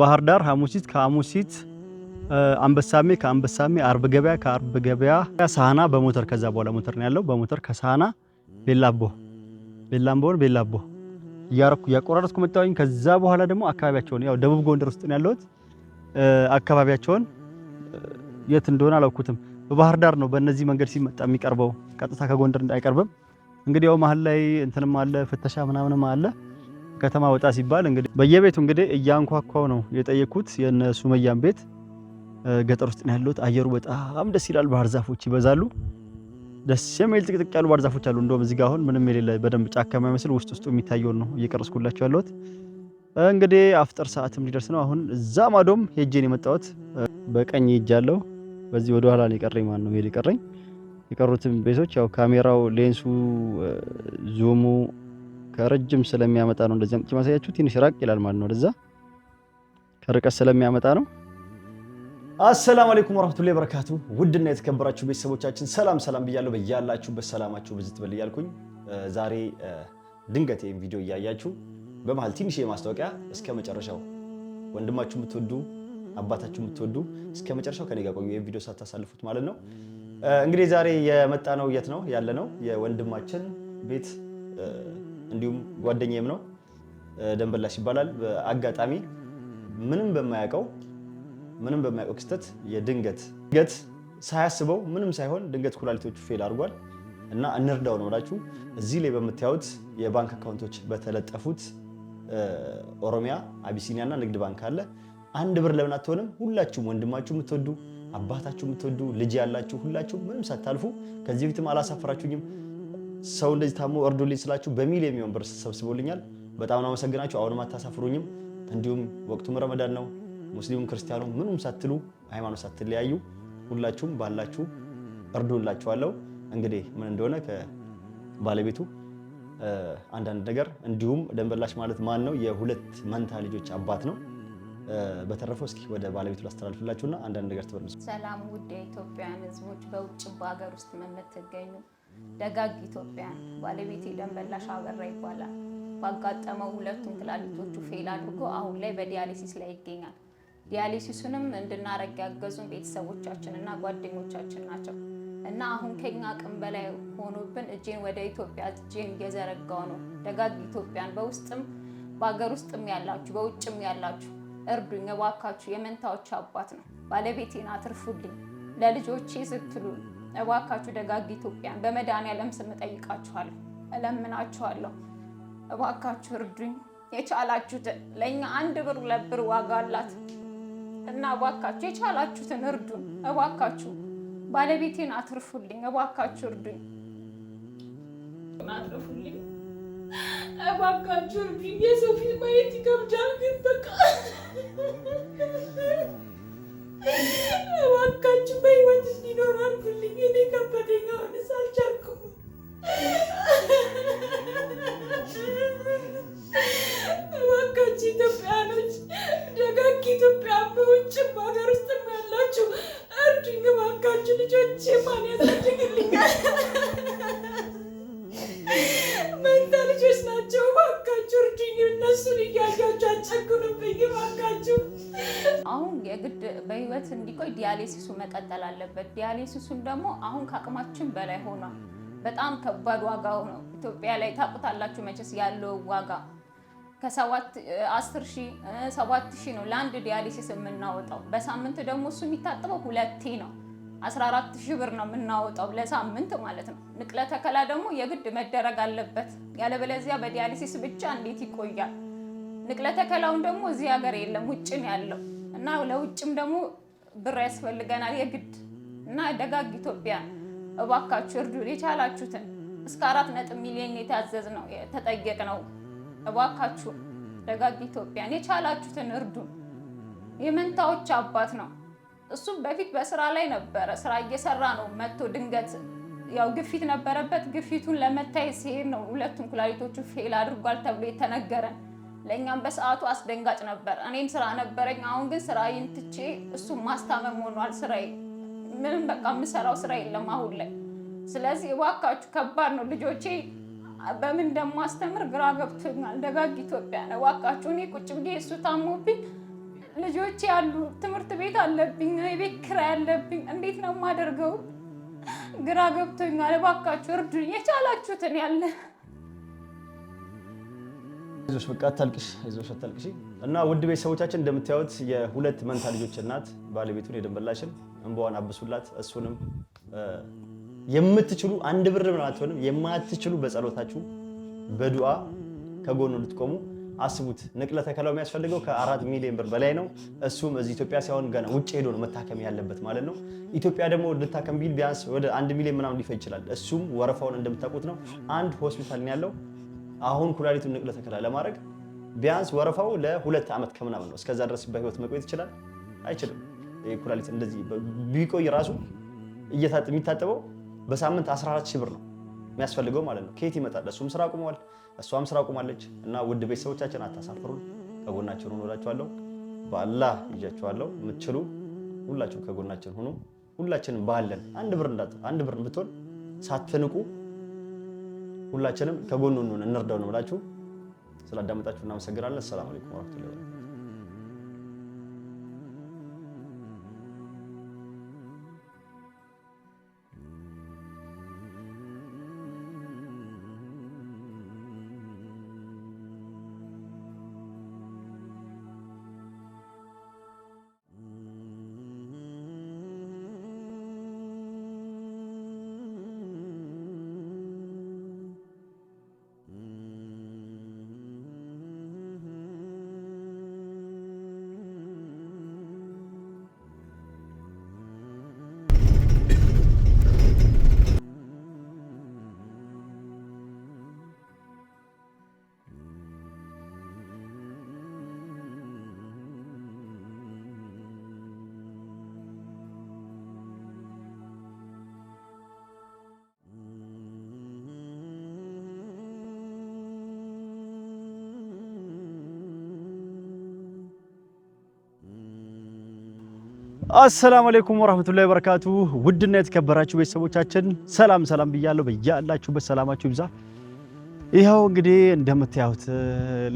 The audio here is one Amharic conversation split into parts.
ባህር ዳር ሐሙሲት፣ ከሐሙሲት አንበሳሜ፣ ከአንበሳሜ አርብ ገበያ፣ ከአርብ ገበያ ሳህና በሞተር ከዛ በኋላ ሞተር ነው ያለው። በሞተር ከሳህና ቤላቦ፣ ቤላምቦን ቤላቦ እያረኩ እያቆራረጥኩ መጣሁኝ። ከዛ በኋላ ደግሞ አካባቢያቸውን ያው ደቡብ ጎንደር ውስጥ ነው ያለሁት። አካባቢያቸውን የት እንደሆነ አላውኩትም። በባህር ዳር ነው በእነዚህ መንገድ ሲመጣ የሚቀርበው፣ ቀጥታ ከጎንደር አይቀርብም። እንግዲህ ያው መሀል ላይ እንትንም አለ ፍተሻ ምናምንም አለ። ከተማ ወጣ ሲባል እንግዲህ በየቤቱ እንግዲህ እያንኳኳው ነው የጠየኩት። የነ ሱመያን ቤት ገጠር ውስጥ ነው ያለሁት። አየሩ በጣም ደስ ይላል። ባህር ዛፎች ይበዛሉ። ደስ የሚል ጥቅጥቅ ያሉ ባህር ዛፎች አሉ። እንደውም እዚህ ጋ አሁን ምንም የሌለ በደንብ ጫካ የማይመስል ውስጥ ውስጡ የሚታየውን ነው እየቀረስኩላቸው ያለሁት። እንግዲህ አፍጠር ሰዓትም ሊደርስ ነው። አሁን እዛ ማዶም ሄጄን የመጣሁት በቀኝ ሄጃለሁ። በዚህ ወደ ኋላ የቀረኝ ማን ነው ሄድ የቀረኝ የቀሩትም ቤቶች ያው ካሜራው ሌንሱ ዙሙ ከረጅም ስለሚያመጣ ነው እንደዚህ አምጥቼ ማሳያችሁ። ትንሽ ራቅ ይላል ማለት ነው፣ ወደዛ ከርቀት ስለሚያመጣ ነው። አሰላሙ አለይኩም ወራህመቱላሂ ወበረካቱ። ውድና የተከበራችሁ ቤተሰቦቻችን ሰላም ሰላም ብያለሁ። በያላችሁ ሰላማችሁ ብዝት በል እያልኩኝ ዛሬ ድንገት ይሄን ቪዲዮ እያያችሁ በመሀል ትንሽ የማስታወቂያ እስከ መጨረሻው ወንድማችሁ የምትወዱ አባታችሁ የምትወዱ እስከ መጨረሻው ከኔ ጋር ቆዩ፣ ይሄን ቪዲዮ ሳታሳልፉት ማለት ነው። እንግዲህ ዛሬ የመጣ ነው የት ነው ያለ ነው የወንድማችን ቤት እንዲሁም ጓደኛዬም ነው ደንበላሽ ይባላል። በአጋጣሚ ምንም በማያውቀው ምንም በማያውቀው ክስተት የድንገት ድንገት ሳያስበው ምንም ሳይሆን ድንገት ኩላሊቶቹ ፌል አድርጓል እና እንርዳው ነው ብላችሁ እዚህ ላይ በምታዩት የባንክ አካውንቶች በተለጠፉት ኦሮሚያ፣ አቢሲኒያ እና ንግድ ባንክ አለ። አንድ ብር ለምን አትሆንም? ሁላችሁም ወንድማችሁ የምትወዱ አባታችሁ የምትወዱ ልጅ ያላችሁ ሁላችሁ ምንም ሳታልፉ ከዚህ በፊትም አላሳፈራችሁኝም ሰው እንደዚህ ታሞ እርዱልኝ ስላችሁ በሚል የሚሆን ብር ሰብስቦልኛል። በጣም ነው አመሰግናችሁ። አሁንም አታሳፍሩኝም። እንዲሁም ወቅቱም ረመዳን ነው። ሙስሊሙም ክርስቲያኑ ምንም ሳትሉ ሃይማኖት ሳትለያዩ ሁላችሁም ባላችሁ እርዱላችኋለሁ። እንግዲህ ምን እንደሆነ ከባለቤቱ አንዳንድ ነገር እንዲሁም ደንበላሽ ማለት ማን ነው? የሁለት መንታ ልጆች አባት ነው። በተረፈው እስኪ ወደ ባለቤቱ ላስተላልፍላችሁና አንዳንድ ነገር ትበሉ። ሰላም ውድ የኢትዮጵያን ህዝቦች በውጭ በሀገር ውስጥ የምትገኙ ደጋግ ኢትዮጵያን ባለቤቴ ደንበላሽ አበራ ይባላል። ባጋጠመው ሁለቱም ክላሊቶቹ ፌል አድርጎ አሁን ላይ በዲያሊሲስ ላይ ይገኛል። ዲያሊሲሱንም እንድናረግ ያገዙን ቤተሰቦቻችንና ጓደኞቻችን ናቸው እና አሁን ከኛ አቅም በላይ ሆኖብን እጄን ወደ ኢትዮጵያ እጄን እየዘረጋው ነው። ደጋግ ኢትዮጵያን በውስጥም በሀገር ውስጥም ያላችሁ በውጭም ያላችሁ እርዱኝ እባካችሁ። የመንታዎች አባት ነው ባለቤቴን አትርፉልኝ ለልጆቼ ስትሉ እባካችሁ ደጋግ ኢትዮጵያን በመድኃኒዓለም ስም እጠይቃችኋለሁ፣ እለምናችኋለሁ። እባካችሁ እርዱኝ። የቻላችሁትን ለእኛ አንድ ብር ለብር ዋጋ አላት እና እባካችሁ የቻላችሁትን እርዱን። እባካችሁ ባለቤቴን አትርፉልኝ። እባካችሁ እርዱኝ፣ አትርፉልኝ። እባካችሁ እርዱኝ። የሰው ፊት ማየት ይከብዳል፣ ግን በቃ ዲያሊሲሱን ደግሞ አሁን ከአቅማችን በላይ ሆኗል። በጣም ከባድ ዋጋው ነው። ኢትዮጵያ ላይ ታውቁታላችሁ መቼስ ያለው ዋጋ ከሰባት አስር ሺህ ሰባት ሺህ ነው ለአንድ ዲያሊሲስ የምናወጣው። በሳምንት ደግሞ እሱ የሚታጥበው ሁለቴ ነው። 14 ሺህ ብር ነው የምናወጣው ለሳምንት ማለት ነው። ንቅለ ተከላ ደግሞ የግድ መደረግ አለበት፣ ያለበለዚያ በዲያሊሲስ ብቻ እንዴት ይቆያል? ንቅለ ተከላውን ደግሞ እዚህ ሀገር የለም ውጭ ነው ያለው እና ለውጭም ደግሞ ብር ያስፈልገናል የግድ እና ደጋግ ኢትዮጵያን እባካችሁ እርዱን። የቻላችሁትን እስከ አራት ነጥብ ሚሊዮን የታዘዝ ነው የተጠየቅ ነው። እባካችሁ ደጋግ ኢትዮጵያን የቻላችሁትን እርዱን። የመንታዎች አባት ነው። እሱም በፊት በስራ ላይ ነበረ። ስራ እየሰራ ነው። መጥቶ ድንገት ያው ግፊት ነበረበት። ግፊቱን ለመታየት ሲሄድ ነው ሁለቱም ኩላሊቶቹ ፌል አድርጓል ተብሎ የተነገረን። ለእኛም በሰዓቱ አስደንጋጭ ነበር። እኔም ስራ ነበረኝ። አሁን ግን ስራዬን ትቼ እሱም ማስታመም ሆኗል ስራዬ ምንም በቃ የምሰራው ስራ የለም አሁን ላይ። ስለዚህ እባካችሁ ከባድ ነው ልጆቼ በምን እንደማስተምር ግራ ገብቶኛል። ደጋግ ኢትዮጵያ ነው እባካችሁ። እኔ ቁጭ ብዬ እሱ ታሞብኝ ልጆቼ ያሉ ትምህርት ቤት አለብኝ፣ የቤት ኪራይ አለብኝ። እንዴት ነው የማደርገው? ግራ ገብቶኛል። እባካችሁ እርዱኝ፣ የቻላችሁትን ያለ አይዞሽ፣ በቃ አታልቅሽ፣ አይዞሽ አታልቅሽ። እና ውድ ቤተሰቦቻችን እንደምታዩት የሁለት መንታ ልጆች እናት ባለቤቱን የደንበላሽን እንባዋን አብሱላት። እሱንም የምትችሉ አንድ ብር ምናትሆንም የማትችሉ በጸሎታችሁ በዱዓ ከጎኑ ልትቆሙ አስቡት። ንቅለ ተከላው የሚያስፈልገው ከአራት ሚሊዮን ብር በላይ ነው። እሱም እዚህ ኢትዮጵያ ሳይሆን ገና ውጭ ሄዶ ነው መታከም ያለበት ማለት ነው። ኢትዮጵያ ደግሞ ልታከም ቢል ቢያንስ ወደ አንድ ሚሊዮን ምናምን ሊፈጅ ይችላል። እሱም ወረፋውን እንደምታውቁት ነው። አንድ ሆስፒታል ያለው። አሁን ኩላሊቱን ንቅለ ተከላ ለማድረግ ቢያንስ ወረፋው ለሁለት ዓመት ከምናምን ነው። እስከዛ ድረስ በህይወት መቆየት ይችላል አይችልም? ኩላሊት እንደዚህ ቢቆይ ራሱ የሚታጠበው በሳምንት 14 ሺህ ብር ነው የሚያስፈልገው ማለት ነው። ከየት ይመጣል? እሱም ስራ አቁመዋል፣ እሷም ስራ አቁማለች። እና ውድ ቤተሰቦቻችን አታሳፍሩን፣ ከጎናችን ሁኑ እላችኋለሁ። በአላህ ይዣችኋለሁ። የምትችሉ ሁላችሁ ከጎናችን ሁኑ። ሁላችንም ባለን አንድ ብር እንዳ አንድ ብር ብትሆን ሳትንቁ ሁላችንም ከጎኑ እንርዳው ነው ብላችሁ ስላዳመጣችሁ እናመሰግናለን። ሰላም አለይኩም ወራህመቱላሂ አሰላሙ አለይኩም ወራህመቱላሂ ወበረካቱ። ውድና የተከበራችሁ ቤተሰቦቻችን ሰላም ሰላም ብያለሁ። በያላችሁበት ሰላማችሁ ይብዛ። ይኸው እንግዲህ እንደምታዩት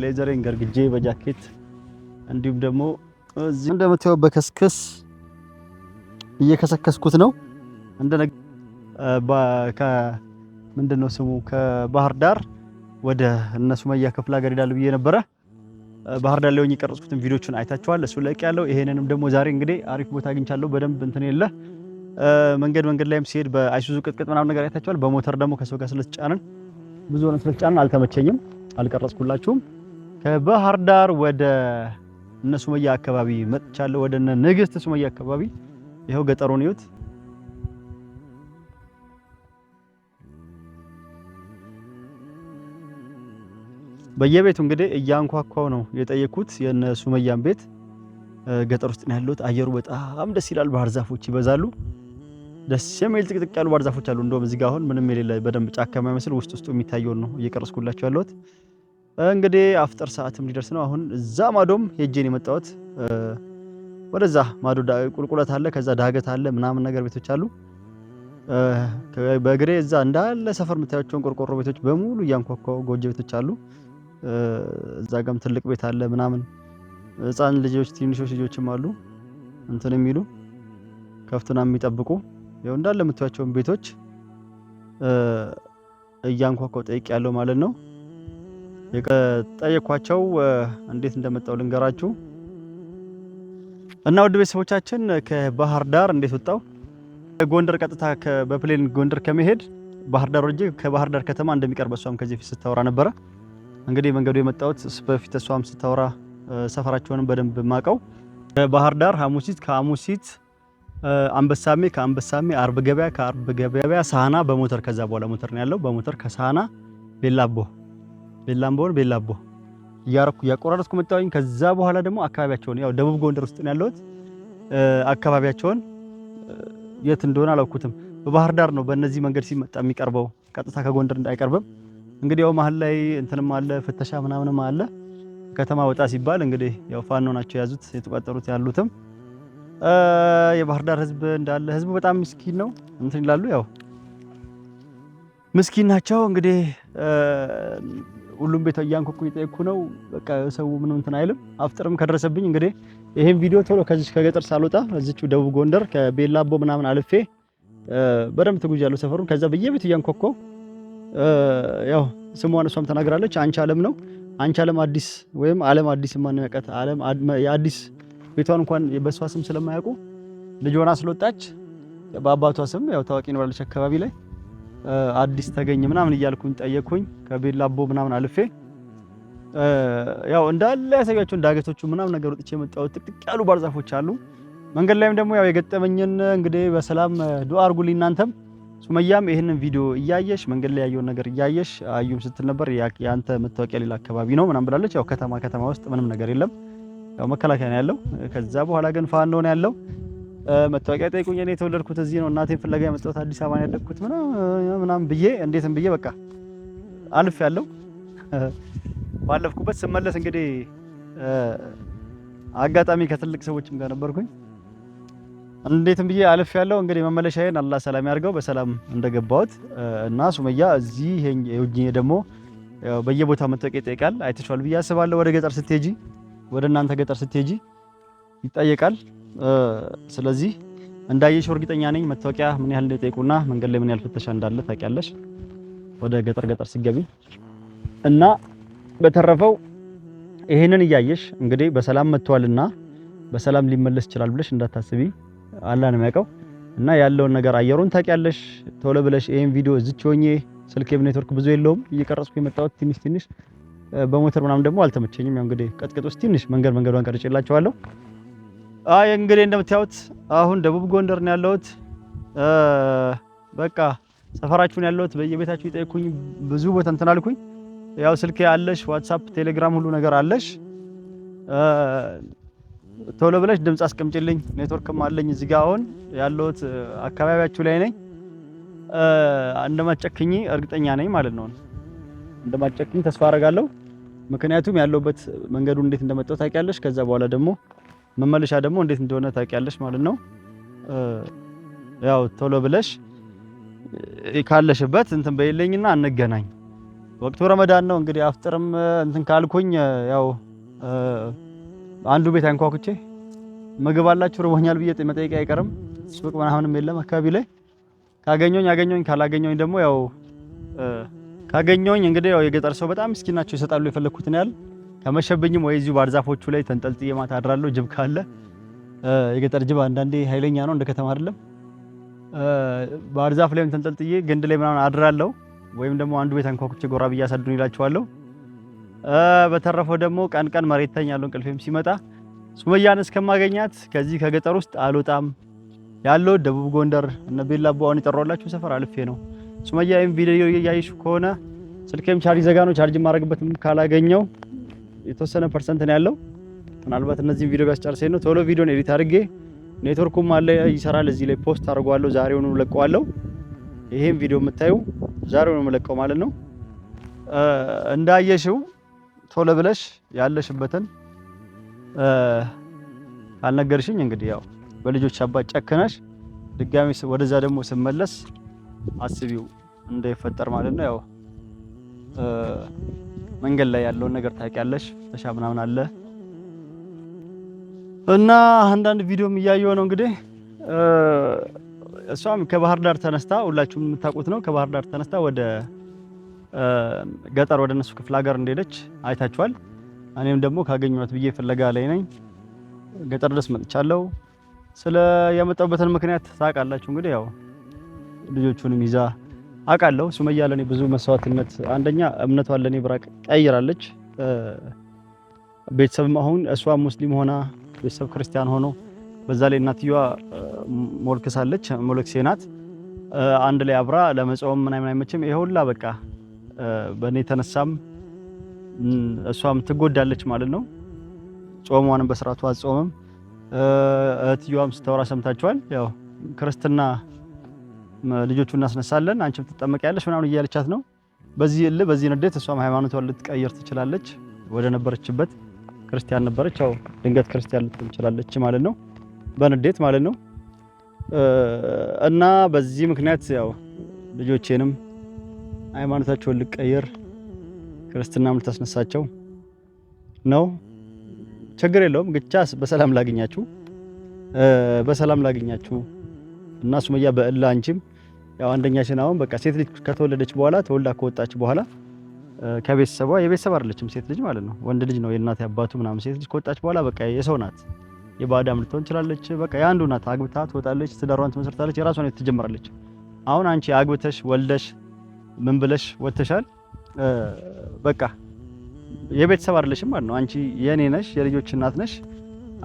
ሌዘሬን ገርግጄ በጃኬት እንዲሁም ደግሞ እዚህ እንደምታዩት በከስከስ እየከሰከስኩት ነው። እንደ ምንድን ነው ስሙ ከባህር ዳር ወደ እነሱ መያ ክፍለ ሀገር ሄዳለሁ ብዬ ነበረ ባህር ዳር ላይ ሆኜ የቀረጽኩትን ቪዲዮችን አይታችኋል። እሱ ለቅ ያለው ይሄንንም ደግሞ ዛሬ እንግዲህ አሪፍ ቦታ አግኝቻለሁ። በደንብ እንትን የለ መንገድ መንገድ ላይም ሲሄድ በአይሱዙ ቅጥቅጥ ምናምን ነገር አይታችኋል። በሞተር ደግሞ ከሰው ጋር ስለተጫንን ብዙ ሆነ ስለተጫንን አልተመቸኝም፣ አልቀረጽኩላችሁም። ከባህር ዳር ወደ እነ ሱመያ አካባቢ መጥቻለሁ። ወደ እነ ንግስት ሱመያ አካባቢ ይኸው ገጠሩን ይዩት። በየቤቱ እንግዲህ እያንኳኳው ነው የጠየኩት። የነ ሱመያን ቤት ገጠር ውስጥ ነው ያሉት። አየሩ በጣም ደስ ይላል። ባህር ዛፎች ይበዛሉ። ደስ የሚል ጥቅጥቅ ያሉ ባህር ዛፎች አሉ። እንደውም እዚህ ጋር አሁን ምንም የሌለ በደንብ ጫካ የማይመስል ውስጥ ውስጡ የሚታየውን ነው እየቀረስኩላቸው ያለሁት። እንግዲህ አፍጠር ሰዓትም ሊደርስ ነው። አሁን እዛ ማዶም ሄጄን የመጣሁት ወደዛ ማዶ ቁልቁለት አለ፣ ከዛ ዳገት አለ ምናምን ነገር ቤቶች አሉ። በእግሬ እዛ እንዳለ ሰፈር የምታያቸውን ቆርቆሮ ቤቶች በሙሉ እያንኳኳው ጎጆ ቤቶች አሉ። እዛ ጋም ትልቅ ቤት አለ ምናምን ህፃን ልጆች ትንሾች ልጆችም አሉ እንትን የሚሉ ከፍትና የሚጠብቁ ይኸው እንዳለ የምታዩቸውን ቤቶች እያንኳኳው ጠይቅ ያለው ማለት ነው። የጠየኳቸው እንዴት እንደመጣው ልንገራችሁ እና ውድ ቤተሰቦቻችን ከባህር ዳር እንዴት ወጣው ጎንደር ቀጥታ በፕሌን ጎንደር ከመሄድ ባህር ዳር ወጂ ከባህር ዳር ከተማ እንደሚቀርብ እሷም ከዚህ ፊት ስታወራ ነበረ። እንግዲህ መንገዱ የመጣሁት በፊት እሷም ስታወራ ሰፈራቸውንም በደንብ ማቀው ባህር ዳር ሐሙሲት ከሐሙሲት አንበሳሜ ከአንበሳሜ አርብ ገበያ ከአርብ ገበያ ሳህና በሞተር ከዛ በኋላ ሞተር ነው ያለው። በሞተር ከሳህና ቤላቦ ቤላምቦን ቤላቦ እያረኩ እያቆራረጥኩ መጣሁኝ። ከዛ በኋላ ደግሞ አካባቢያቸውን ያው ደቡብ ጎንደር ውስጥ ነው ያለሁት። አካባቢያቸውን የት እንደሆነ አላውኩትም። በባህር ዳር ነው በእነዚህ መንገድ ሲመጣ የሚቀርበው ቀጥታ ከጎንደር አይቀርብም። እንግዲህ ያው መሀል ላይ እንትንም አለ ፍተሻ ምናምንም አለ። ከተማ ወጣ ሲባል እንግዲህ ያው ፋኖ ናቸው የያዙት የተቋጠሩት ያሉትም የባህር ዳር ህዝብ እንዳለ ህዝቡ በጣም ምስኪን ነው እንትን ይላሉ። ያው ምስኪን ናቸው እንግዲህ ሁሉም ቤት እያንኳኩ እየጠየኩ ነው። በቃ ሰው ምንም እንትን አይልም። አፍጥርም ከደረሰብኝ እንግዲህ ይሄን ቪዲዮ ቶሎ ከዚህ ከገጠር ሳልወጣ እዚች ደቡብ ጎንደር ከቤላቦ ምናምን አልፌ በደንብ ተጉዣለሁ ሰፈሩን ከዛ በየቤት እያንኳኳው ያው ስሟን እሷም ተናግራለች። አንቺ አለም ነው አንቺ አለም አዲስ ወይም አለም አዲስ ማን ያውቃት አለም የአዲስ ቤቷን እንኳን በእሷ ስም ስለማያውቁ ልጅ ሆና ስለወጣች በአባቷ ስም ያው ታዋቂ ነው አካባቢ ላይ አዲስ ተገኘ ምናምን እያልኩኝ ጠየቅኩኝ። ከቤላቦ ምናምን አልፌ ያው እንዳለ ያሳያችሁ ዳገቶቹ ምናምን ነገር ወጥቼ የመጣሁት ጥቅጥቅ ያሉ ባርዛፎች አሉ። መንገድ ላይም ደግሞ ያው የገጠመኝን እንግዲህ በሰላም ዱአ አድርጉልኝ እናንተም ሱመያም ይህንን ቪዲዮ እያየሽ መንገድ ላይ ያየውን ነገር እያየሽ አዩም ስትል ነበር። የአንተ መታወቂያ ሌላ አካባቢ ነው ምናም ብላለች። ያው ከተማ ከተማ ውስጥ ምንም ነገር የለም፣ ያው መከላከያ ነው ያለው። ከዛ በኋላ ግን ፋን ነው ያለው። መታወቂያ ጠይቁኝ፣ እኔ የተወለድኩት እዚህ ነው፣ እናቴን ፍለጋ የመጣሁት አዲስ አበባ ነው ያደግኩት ምናም ብዬ እንዴትም ብዬ በቃ አልፍ ያለው ባለፍኩበት ስመለስ እንግዲህ አጋጣሚ ከትልቅ ሰዎችም ጋር ነበርኩኝ። እንዴትም ብዬ አልፍ ያለው እንግዲህ መመለሻዬን አላህ ሰላም ያርገው በሰላም እንደገባሁት እና ሱመያ እዚህ ይሄ ደግሞ በየቦታው መታወቂያ ይጠይቃል። አይተሽዋል ብዬ አስባለሁ። ወደ ገጠር ስትሄጂ፣ ወደ እናንተ ገጠር ስትሄጂ ይጠየቃል። ስለዚህ እንዳየሽ እርግጠኛ ነኝ መታወቂያ ምን ያህል እንደጠይቁና መንገድ ላይ ምን ያህል ፍተሻ እንዳለ ታውቂያለሽ፣ ወደ ገጠር ገጠር ሲገቢ እና በተረፈው ይሄንን እያየሽ እንግዲህ በሰላም መጥቷልና በሰላም ሊመለስ ይችላል ብለሽ እንዳታስቢ። አላን የሚያውቀው። እና ያለውን ነገር አየሩን ታውቂያለሽ። ቶሎ ብለሽ ይሄን ቪዲዮ እዚች ሆኜ ስልኬም ኔትወርክ ብዙ የለውም እየቀረጽኩ የመጣሁት ትንሽ ትንሽ በሞተር ምናምን ደግሞ አልተመቸኝም። ያው እንግዲህ ቀጥቀጥ ውስጥ ትንሽ መንገድ መንገዷን ቀርጬላችኋለሁ። አይ እንግዲህ እንደምታዩት አሁን ደቡብ ጎንደር ነው ያለሁት። በቃ ሰፈራችሁን ያለሁት በየቤታችሁ ይጠይቁኝ። ብዙ ቦታ እንትን አልኩኝ። ያው ስልኬ አለሽ፣ ዋትሳፕ፣ ቴሌግራም ሁሉ ነገር አለሽ ቶሎ ብለሽ ድምፅ አስቀምጭልኝ። ኔትወርክም አለኝ እዚህ ጋር አሁን ያለሁት አካባቢያችሁ ላይ ነኝ። እንደማጨክኝ እርግጠኛ ነኝ ማለት ነው። እንደማጨክኝ ተስፋ አደርጋለሁ። ምክንያቱም ያለሁበት መንገዱ እንዴት እንደመጣው ታውቂያለሽ። ከዛ በኋላ ደግሞ መመለሻ ደግሞ እንዴት እንደሆነ ታውቂያለሽ ማለት ነው። ያው ቶሎ ብለሽ ካለሽበት እንትን በይለኝና አንገናኝ። ወቅቱ ረመዳን ነው እንግዲህ አፍጥርም እንትን ካልኩኝ ያው አንዱ ቤት አንኳኩቼ ምግብ አላችሁ ርቦኛል ብዬ መጠየቅ አይቀርም። ሱቅ ምናምንም የለም አካባቢ ላይ ካገኘኝ አገኘኝ፣ ካላገኘኝ ደግሞ ያው ካገኘኝ እንግዲህ ያው የገጠር ሰው በጣም ምስኪን ናቸው፣ ይሰጣሉ የፈለኩትን ያህል። ከመሸብኝም ወይ እዚሁ ባርዛፎቹ ላይ ተንጠልጥዬ ማታ አድራለሁ። ጅብ ካለ የገጠር ጅብ አንዳንዴ ኃይለኛ ነው፣ እንደ ከተማ አይደለም። ባርዛፍ ላይም ተንጠልጥዬ ግንድ ላይ ምናምን አድራለሁ። ወይም ደግሞ አንዱ ቤት አንኳኩቼ ጎራ ብዬ አሳድሩኝ ይላቸዋለሁ። በተረፈው ደግሞ ቀን ቀን መሬት ተኛለሁ እንቅልፌም ሲመጣ ሱመያን እስከማገኛት ከዚህ ከገጠር ውስጥ አልወጣም ያለው ደቡብ ጎንደር እነ ቤላ ቦአን የጠራሁላችሁ ሰፈር አልፌ ነው። ሱመያ ይሄን ቪዲዮ እያየሽ ከሆነ ስልኬም ቻርጅ ዘጋ ነው። ቻርጅ ማድረግበትም ካላገኘው የተወሰነ ፐርሰንት ነው ያለው። ምናልባት እነዚህም ቪዲዮ ቢያስጨርሰኝ ነው። ቶሎ ቪዲዮን ኤዲት አድርጌ ኔትወርኩም አለ ይሰራል። እዚህ ላይ ፖስት አድርጓለሁ። ዛሬውኑ ለቀዋለሁ። ይሄን ቪዲዮ የምታዩ ዛሬውኑ ለቀው ማለት ነው እንዳየሽው ቶሎ ብለሽ ያለሽበትን አልነገርሽኝ። እንግዲህ ያው በልጆች አባት ጨክነሽ ድጋሚ ወደዛ ደግሞ ስመለስ አስቢው እንዳይፈጠር ማለት ነው። ያው መንገድ ላይ ያለውን ነገር ታውቂያለሽ። ተሻ ምናምን አለ እና አንዳንድ ቪዲዮም እያየው ነው እንግዲህ እሷም ከባህር ዳር ተነስታ ሁላችሁም የምታውቁት ነው። ከባህር ዳር ተነስታ ወደ ገጠር ወደ እነሱ ክፍለ ሀገር እንደሄደች አይታችኋል። እኔም ደግሞ ካገኘኋት ብዬ ፍለጋ ላይ ነኝ። ገጠር ድረስ መጥቻለሁ። ስለ ያመጣሁበትን ምክንያት ታውቃላችሁ። እንግዲህ ያው ልጆቹንም ይዛ አውቃለሁ። ሱመያ ለኔ ብዙ መስዋዕትነት፣ አንደኛ እምነቷን ለኔ ብራቅ ቀይራለች። ቤተሰብም አሁን እሷ ሙስሊም ሆና ቤተሰብ ክርስቲያን ሆኖ በዛ ላይ እናትየዋ ሞልክሳለች፣ ሞልክሴ ናት። አንድ ላይ አብራ ለመጾም ምናምን አይመችም። ይሄ ሁላ በቃ በእኔ የተነሳም እሷም ትጎዳለች ማለት ነው። ጾሟንም በስርዓቱ አጾምም። እህትየዋም ስታወራ ሰምታችኋል። ያው ክርስትና ልጆቹ እናስነሳለን አንቺም ትጠመቂያለሽ ምናምን እያለቻት ነው። በዚህ እል በዚህ ንዴት እሷም ሃይማኖቷን ልትቀይር ትችላለች። ወደ ነበረችበት ክርስቲያን ነበረች፣ ያው ድንገት ክርስቲያን ልትሆን ትችላለች ማለት ነው፣ በንዴት ማለት ነው። እና በዚህ ምክንያት ያው ልጆቼንም ሃይማኖታቸውን ልቀየር ክርስትናም ልታስነሳቸው ነው። ችግር የለውም ግቻ በሰላም ላገኛችሁ በሰላም ላገኛችሁ እና ሱመያ በእላ አንቺም ያው አንደኛሽን አሁን በቃ ሴት ልጅ ከተወለደች በኋላ ተወልዳ ከወጣች በኋላ ከቤተሰቧ የቤተሰብ አይደለችም ሴት ልጅ ማለት ነው። ወንድ ልጅ ነው የእናት አባቱ ምናምን። ሴት ልጅ ከወጣች በኋላ በቃ የሰው ናት። የባዕዳም ልትሆን ትችላለች። በቃ የአንዱ ናት። አግብታ ትወጣለች፣ ትዳሯን ትመሰርታለች፣ የራሷን ትጀምራለች። አሁን አንቺ አግብተሽ ወልደሽ ምን ብለሽ ወተሻል? በቃ የቤተሰብ አይደለሽም ማለት ነው። አንቺ የኔ ነሽ፣ የልጆች እናት ነሽ።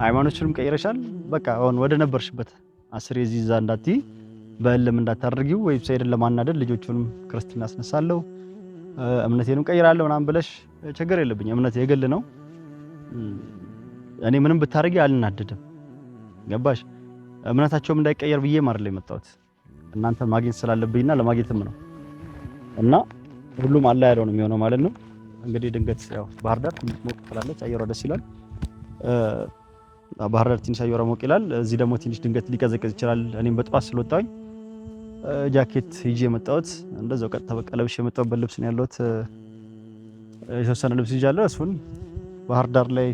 ሃይማኖትሽንም ቀይረሻል። በቃ አሁን ወደ ነበርሽበት አስር የዚህ ዛ እንዳትዪ፣ በእልም እንዳታደርጊው፣ ዌብሳይድን ለማናደድ ልጆቹንም ክርስትና አስነሳለሁ፣ እምነቴንም ቀይራለሁ ምናምን ብለሽ ችግር የለብኝ። እምነት የግል ነው። እኔ ምንም ብታደርጊ አልናደድም። ገባሽ? እምነታቸውም እንዳይቀየር ብዬ ማርለ የመጣሁት እናንተ ማግኘት ስላለብኝና ለማግኘትም ነው። እና ሁሉም አላ ያለው ነው የሚሆነው ማለት ነው። እንግዲህ ድንገት ያው ባህር ዳር ትንሽ ሞቅ ትላለች፣ አየሯ ደስ ይላል። ባህር ዳር ትንሽ አየሯ ሞቅ ይላል። እዚህ ደግሞ ትንሽ ድንገት ሊቀዘቅዝ ይችላል። እኔም በጠዋት ስለወጣሁኝ ጃኬት ይዤ የመጣሁት እንደዛው ቀጥታ በቃ ለብሼ የመጣሁበት ልብስ ነው ያለሁት። የተወሰነ ልብስ ይዣለሁ። እሱን ባህር ዳር ላይ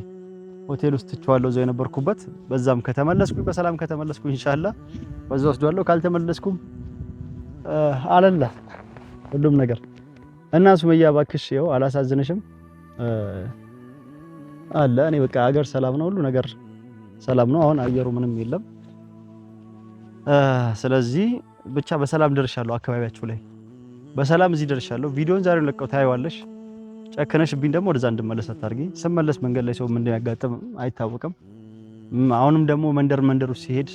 ሆቴል ውስጥ ትቼዋለሁ እዛው የነበርኩበት። በዛም ከተመለስኩኝ በሰላም ከተመለስኩኝ ኢንሻአላህ በዛ ወስዷለሁ። ካልተመለስኩም አለላ ሁሉም ነገር እና ሱመያ እባክሽ ይኸው አላሳዝንሽም አለ። እኔ በቃ ሀገር ሰላም ነው፣ ሁሉ ነገር ሰላም ነው። አሁን አየሩ ምንም የለም። ስለዚህ ብቻ በሰላም ደርሻለሁ፣ አካባቢያችሁ ላይ በሰላም እዚህ ደርሻለሁ። ቪዲዮን ዛሬ ለቀው ታይዋለሽ። ቢን ደግሞ ወደዛ እንድመለስ አታርጊ። ስመለስ መንገድ ላይ ሰው ምን እንደሚያጋጥም አይታወቅም። አሁንም ደግሞ መንደር መንደሩ ሲሄድ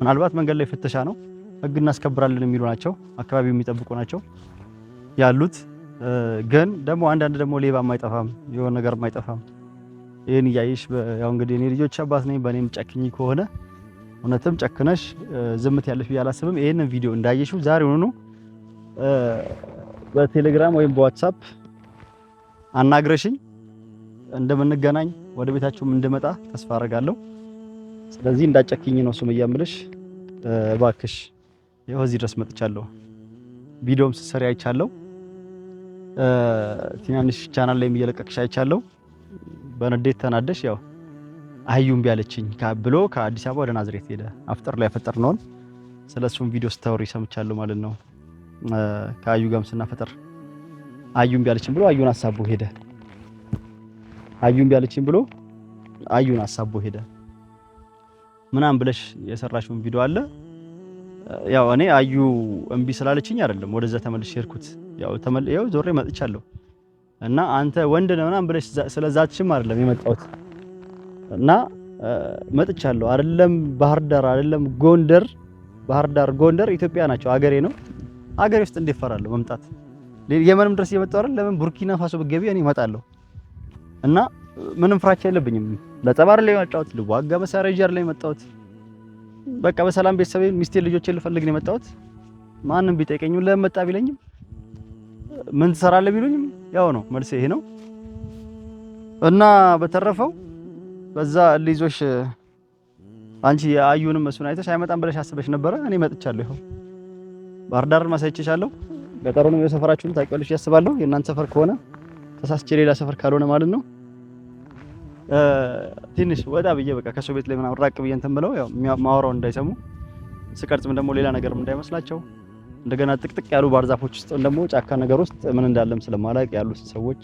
ምናልባት መንገድ ላይ ፍተሻ ነው ህግ እናስከብራለን የሚሉ ናቸው፣ አካባቢው የሚጠብቁ ናቸው ያሉት። ግን ደግሞ አንዳንድ ደግሞ ሌባ ማይጠፋም የሆነ ነገር አይጠፋም ይህን እያይሽ ያው እንግዲህ እኔ ልጆች አባት ነኝ፣ በእኔም ጨክኝ ከሆነ እውነትም ጨክነሽ ዝምት ያለሽ ብዬ አላስብም። ይህንን ቪዲዮ እንዳየሽው ሆኑ በቴሌግራም ወይም በዋትሳፕ አናግረሽኝ እንደምንገናኝ ወደ ቤታችሁም እንድመጣ ተስፋ አደርጋለሁ። ስለዚህ እንዳጨክኝ ነው ሱም እያምልሽ እባክሽ ያው እዚህ ድረስ መጥቻለሁ። ቪዲዮም ስሰሪ አይቻለሁ። ትናንሽ ቻናል ላይ እየለቀቅሽ አይቻለሁ። በንዴት ተናደሽ ያው አህዩም ቢያለችኝ ብሎ ከአዲስ አበባ ወደ ናዝሬት ሄደ። አፍጠር ላይ ፈጠር ነውን ስለሱም ቪዲዮ ስታወሪ ሰምቻለሁ ማለት ነው። ከአዩ ጋርም ስናፈጠር አዩም ቢያለችኝ ብሎ አዩን አሳቦ ሄደ። አዩም ቢያለችኝ ብሎ አዩን አሳቦ ሄደ ምናምን ብለሽ የሰራሽውን ቪዲዮ አለ ያው እኔ አዩ እምቢ ስላለችኝ አይደለም ወደዛ ተመልሼ ሄድኩት። ያው ተመል ያው ዞሬ መጥቻለሁ እና አንተ ወንድ ነህ ምናምን ብለሽ ስለዛችም አይደለም የመጣሁት እና መጥቻለሁ። አይደለም ባህር ዳር አይደለም ጎንደር፣ ባህር ዳር ጎንደር ኢትዮጵያ ናቸው። አገሬ ነው። አገሬ ውስጥ እንዴት እፈራለሁ መምጣት? የመንም ድረስ እየመጣሁ አይደል? ለምን ቡርኪና ፋሶ ብትገቢ እኔ እመጣለሁ እና ምንም ፍራቻ የለብኝም። ለጠባር ላይ መጣሁት ልዋጋ መሳሪያ ይዤ አይደለም የመጣሁት በቃ በሰላም ቤተሰብ ሚስቴ ልጆቼ ልፈልግ ነው የመጣሁት። ማንም ቢጠይቀኝ ለምን መጣ ቢለኝም ምን ትሰራለ ቢሉኝም ያው ነው መልሴ ይሄ ነው እና በተረፈው በዛ ሊዞሽ አንቺ አዩንም መስሎኝ አይተሽ አይመጣም ብለሽ አስበሽ ነበረ። እኔ መጥቻለሁ። ይኸው ባህር ዳር ማሳይቼሻለሁ። ገጠሩንም የሰፈራችሁን ታውቂዋለሽ ያስባለሁ። የእናንተ ሰፈር ከሆነ ተሳስቼ ሌላ ሰፈር ካልሆነ ማለት ነው። ትንሽ ወጣ ብዬ በቃ ከሰው ቤት ላይ ምናምን ራቅ ብዬ እንትን ብለው ያው ማወራው እንዳይሰሙ ስቀርጽም ደግሞ ሌላ ነገርም እንዳይመስላቸው እንደገና ጥቅጥቅ ያሉ ባህር ዛፎች ውስጥ ደግሞ ጫካ ነገር ውስጥ ምን እንዳለም ስለማላቅ ያሉ ሰዎች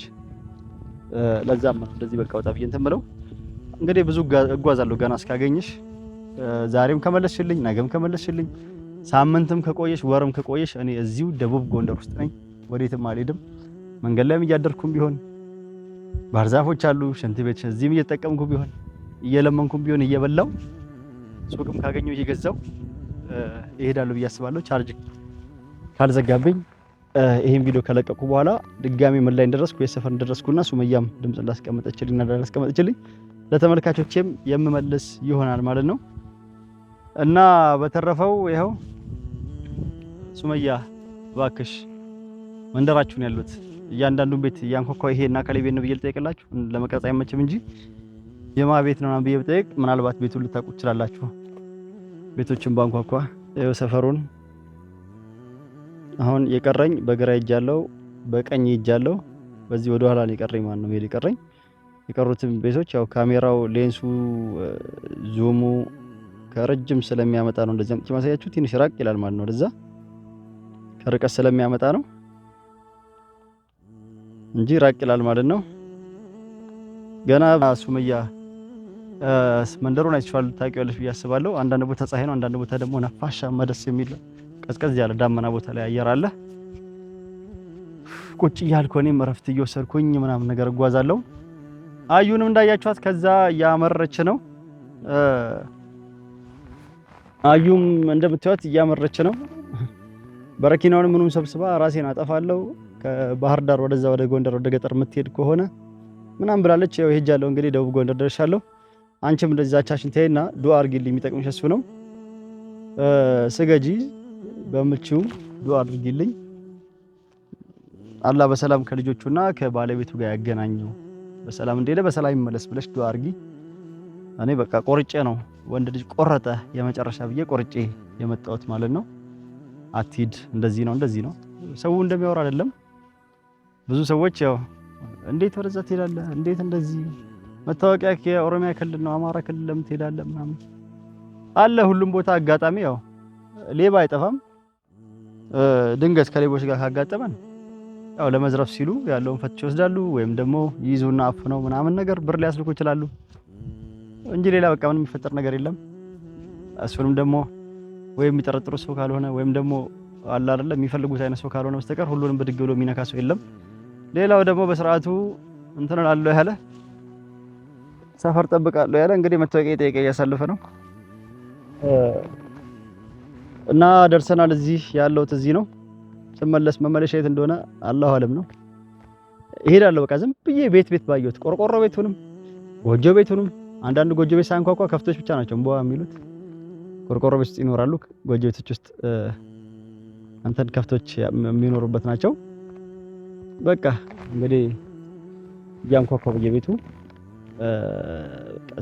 ለዛም እንደዚህ በቃ ወጣ ብዬ እንትን ብለው እንግዲህ ብዙ እጓዛለሁ ገና እስካገኝሽ ዛሬም ከመለስሽልኝ ነገም ከመለስሽልኝ ሳምንትም ከቆየሽ ወርም ከቆየሽ እኔ እዚሁ ደቡብ ጎንደር ውስጥ ነኝ ወዴትም አልሄድም መንገድ ላይም እያደርኩም ቢሆን ባህር ዛፎች አሉ፣ ሽንት ቤት እዚህም እየተጠቀምኩ ቢሆን እየለመንኩም ቢሆን እየበላው ሱቅም ካገኘው እየገዛው ይሄዳሉ ብዬ አስባለሁ። ቻርጅ ካልዘጋብኝ ይሄን ቪዲዮ ከለቀቁ በኋላ ድጋሜ ምን ላይ እንደደረስኩ የሰፈር እንደደረስኩና ሱመያም ድምጽ እንዳስቀመጠችልኝ እና እንዳስቀመጠችልኝ ለተመልካቾቼም የምመልስ ይሆናል ማለት ነው እና በተረፈው ይኸው ሱመያ እባክሽ መንደራችሁን ያሉት እያንዳንዱን ቤት እያንኳኳ ይሄ እና ከሌ ቤት ነው ብዬ ልጠይቅላችሁ ለመቅረጽ አይመችም እንጂ የማ ቤት ነው ብዬ ብጠይቅ ምናልባት ቤቱን ልታውቁ ትችላላችሁ። ቤቶችን ባንኳኳ ይኸው ሰፈሩን አሁን የቀረኝ በግራ እጅ ያለው በቀኝ እጅ ያለው በዚህ ወደ ኋላ የቀረኝ ማን ነው የቀረኝ የቀሩትን ቤቶች ያው ካሜራው ሌንሱ ዙሙ ከረጅም ስለሚያመጣ ነው እንደዚህ አምጥቼ ማሳያችሁ። ትንሽ ራቅ ይላል ማለት ነው ወደዛ ከርቀት ስለሚያመጣ ነው። እንጂ ራቅ ይላል ማለት ነው። ገና ሱመያ መንደሩን አይቻል ታውቂዋለሽ ብዬ አስባለሁ። አንዳንድ ቦታ ፀሐይ ነው፣ አንዳንድ ቦታ ደግሞ ነፋሻማ ደስ የሚል ቀዝቀዝ ያለ ዳመና ቦታ ላይ አየር አለ። ቁጭ እያልኩ እኔም እረፍት እየወሰድኩኝ ምናምን ነገር እጓዛለሁ። አዩንም እንዳያችኋት ከዛ እያመረች ነው። አዩም እንደምታዩት እያመረች ነው። በረኪናውን ምኑም ሰብስባ ራሴን አጠፋለሁ። ከባህር ዳር ወደዛ ወደ ጎንደር ወደ ገጠር የምትሄድ ከሆነ ምናምን ብላለች። ያው ሄጃለሁ እንግዲህ ደቡብ ጎንደር ደርሻለሁ። አንቺም እንደዛ ቻችን ተይና ዱአ አድርጊልኝ። የሚጠቅምሽ እሱ ነው። ስገጂ በምችው ዱአ አድርጊልኝ። አላህ በሰላም ከልጆቹና ከባለቤቱ ጋር ያገናኘው በሰላም እንደሄደ በሰላም ይመለስ ብለሽ ዱአ አድርጊ። እኔ በቃ ቆርጬ ነው ወንድ ልጅ ቆረጠ የመጨረሻ ብዬ ቆርጬ የመጣሁት ማለት ነው። አትሂድ፣ እንደዚህ ነው እንደዚህ ነው ሰው እንደሚያወራ አይደለም ብዙ ሰዎች ያው እንዴት ወደዛ ትሄዳለህ? እንዴት እንደዚህ መታወቂያ የኦሮሚያ ክልል ነው አማራ ክልል ለምን ትሄዳለህ? ምናምን አለ ሁሉም ቦታ አጋጣሚ። ያው ሌባ አይጠፋም። ድንገት ከሌቦች ጋር ካጋጠመን ያው ለመዝረፍ ሲሉ ያለውን ፈትሽ ይወስዳሉ፣ ወይም ደግሞ ይዙና አፍ ነው ምናምን ነገር ብር ሊያስልኩ ይችላሉ እንጂ ሌላ በቃ ምንም የሚፈጠር ነገር የለም። እሱንም ደግሞ ወይም የሚጠረጥሩ ሰው ካልሆነ ወይም ደግሞ አለ አይደለም የሚፈልጉት አይነት ሰው ካልሆነ በስተቀር ሁሉንም ብድግ ብሎ የሚነካ ሰው የለም። ሌላው ደግሞ በስርዓቱ እንትን እላለሁ ያለ ሰፈር ጠብቃለሁ ያለ እንግዲህ መታወቂያ ጥያቄ እያሳለፈ ነው እና ደርሰናል። እዚህ ያለሁት እዚህ ነው። ስመለስ መመለሻ የት እንደሆነ አላሁ አለም ነው። እሄዳለሁ በቃ ዝም ብዬ ቤት ቤት ባየሁት ቆርቆሮ ቤቱንም ጎጆ ቤቱንም አንዳንድ ጎጆ ቤት ሳንኳኳ ከፍቶች ብቻ ናቸው እምቧ የሚሉት ቆርቆሮ ቤት ውስጥ ይኖራሉ። ጎጆ ቤቶች ውስጥ እንትን ከፍቶች የሚኖሩበት ናቸው። በቃ እንግዲህ እያንኳኳ የቤቱ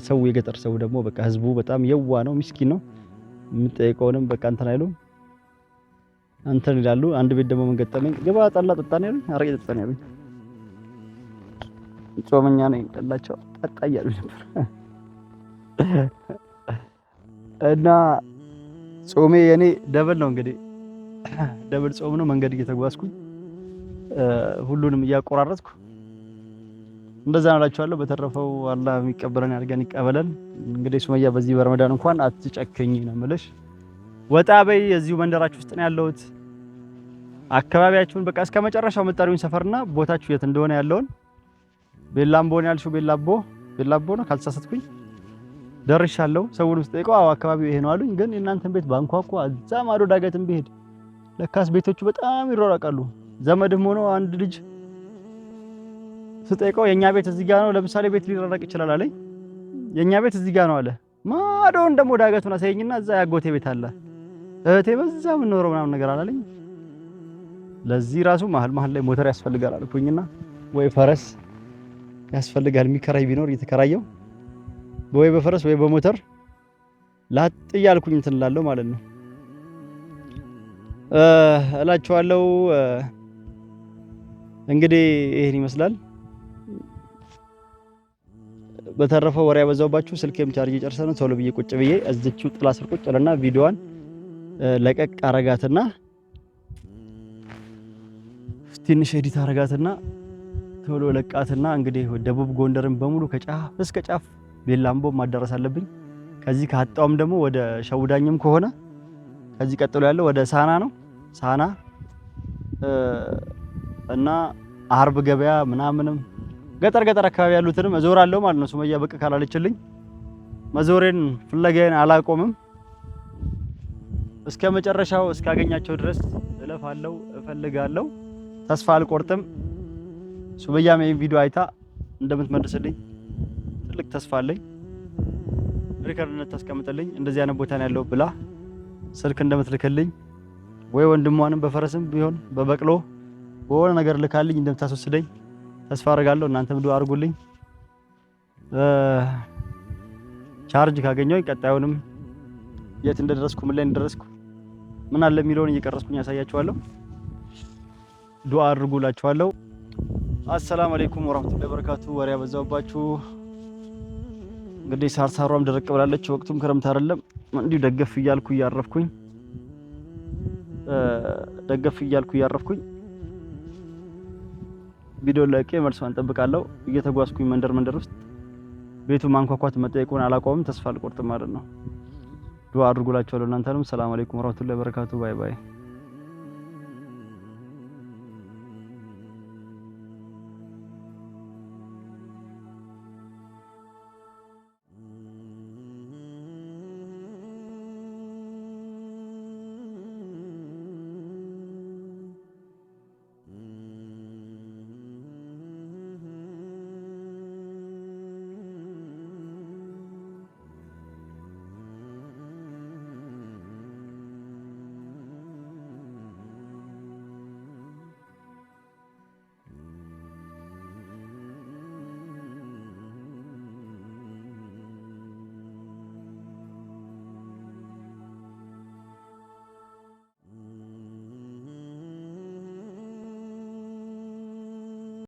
ሰው የገጠር ሰው ደግሞ በቃ ህዝቡ በጣም የዋ ነው፣ ምስኪን ነው። የምጠይቀውንም በቃ እንትን አይሉ እንትን ይላሉ። አንድ ቤት ደግሞ ምን ገጠመኝ፣ ግባ ጠላ ጠጣ ነው ያሉኝ፣ አረቄ ጠጣ ነው ያሉኝ። ጾመኛ ነኝ ጠላቸው ጠጣ ነበር። እና ጾሜ የኔ ደብል ነው እንግዲህ ደብል ጾም ነው። መንገድ እየተጓዝኩኝ ሁሉንም እያቆራረጥኩ እንደዛ ነው እላችኋለሁ። በተረፈው አላህ የሚቀበለን ያድርገን ይቀበለን። እንግዲህ ሱመያ በዚህ በረመዳን እንኳን አትጨክኝ ነው የምልሽ። ወጣ በይ። እዚሁ መንደራችሁ ውስጥ ነው ያለሁት። አካባቢያችሁን በቃ እስከ መጨረሻው መጣሪውን ሰፈርና ቦታችሁ የት እንደሆነ ያለውን ቤላምቦ ነው ያልሽው። ቤላቦ ቤላቦ ነው ካልተሳሳትኩኝ፣ ደርሻለሁ። ሰውን ውስጥ ጠይቀው አዎ አካባቢው ይሄ ነው አሉኝ። ግን የእናንተን ቤት ባንኳኳ እዛ ማዶ ዳገትም ብሄድ ለካስ ቤቶቹ በጣም ይሯራቃሉ። ዘመድም ሆኖ አንድ ልጅ ስጠይቀው የኛ ቤት እዚህ ጋር ነው፣ ለምሳሌ ቤት ሊረረቅ ይችላል አለኝ። የኛ ቤት እዚህ ጋር ነው አለ። ማዶ እንደሞ ዳገቱን አሳየኝና እዛ ያጎቴ ቤት አለ እህቴ በዛ የምኖረው ምናምን ነገር አላለኝ። ለዚህ ራሱ መሀል መሀል ላይ ሞተር ያስፈልጋል አልኩኝና ወይ ፈረስ ያስፈልጋል የሚከራይ ቢኖር እየተከራየው ወይ በፈረስ ወይ በሞተር ላጥ እያልኩኝ እንትን እላለሁ ማለት ነው እላችኋለሁ። እንግዲህ ይህን ይመስላል። በተረፈ ወሬ ያበዛውባችሁ ስልኬም ቻርጅ ጨርሰ ነው ቶሎ ብዬ ቁጭ ብዬ እዚችው ጥላ ስር ቁጭ ለና ቪዲዮዋን ለቀቅ አረጋትና ትንሽ ኤዲት አረጋትና ቶሎ ለቃትና እንግዲህ ደቡብ ጎንደርን በሙሉ ከጫፍ እስከ ጫፍ ቤላምቦ ማዳረስ አለብኝ። ከዚህ ካጣውም ደግሞ ወደ ሸውዳኝም ከሆነ ከዚህ ቀጥሎ ያለው ወደ ሳና ነው ሳና እና አርብ ገበያ ምናምንም ገጠር ገጠር አካባቢ ያሉትንም እዞራለሁ ማለት ነው። ሱመያ ብቅ ካላለችልኝ መዞሬን ፍለጋዬን አላቆምም። እስከ መጨረሻው እስካገኛቸው ድረስ እለፋለሁ፣ እፈልጋለሁ፣ ተስፋ አልቆርጥም። ሱመያም ይሄን ቪዲዮ አይታ እንደምትመልስልኝ ትልቅ ተስፋ አለኝ። ሪከርድነት ታስቀምጥልኝ እንደዚህ አይነት ቦታ ነው ያለው ብላ ስልክ እንደምትልክልኝ ወይ ወንድሟንም በፈረስም ቢሆን በበቅሎ በሆነ ነገር ልካልኝ እንደምታስወስደኝ ተስፋ አደርጋለሁ። እናንተም ዱአ አድርጉልኝ። ቻርጅ ካገኘው ቀጣዩንም የት እንደደረስኩ ምን ላይ እንደደረስኩ ምን አለ የሚለውን እየቀረስኩኝ ያሳያችኋለሁ። ዱአ አድርጉላችኋለሁ። አሰላም አለይኩም ወራህመቱላሂ ወበረካቱ። ወሬ ያበዛውባችሁ እንግዲህ ሳርሳሯም ደረቅ ብላለች። ወቅቱም ክረምት አይደለም። እንዲሁ ደገፍ እያልኩ እያረፍኩኝ ደገፍ እያልኩ እያረፍኩኝ ቪዲዮ ለቄ መልሷን እንጠብቃለሁ። እየተጓዝኩኝ መንደር መንደር ውስጥ ቤቱ ማንኳኳት መጠየቁን አላቆምም። ተስፋ አልቆርጥም ማለት ነው። ዱአ አድርጉላችኋለሁ። እናንተንም ሰላም አለይኩም ወራህመቱላሂ ወበረካቱ። ባይ ባይ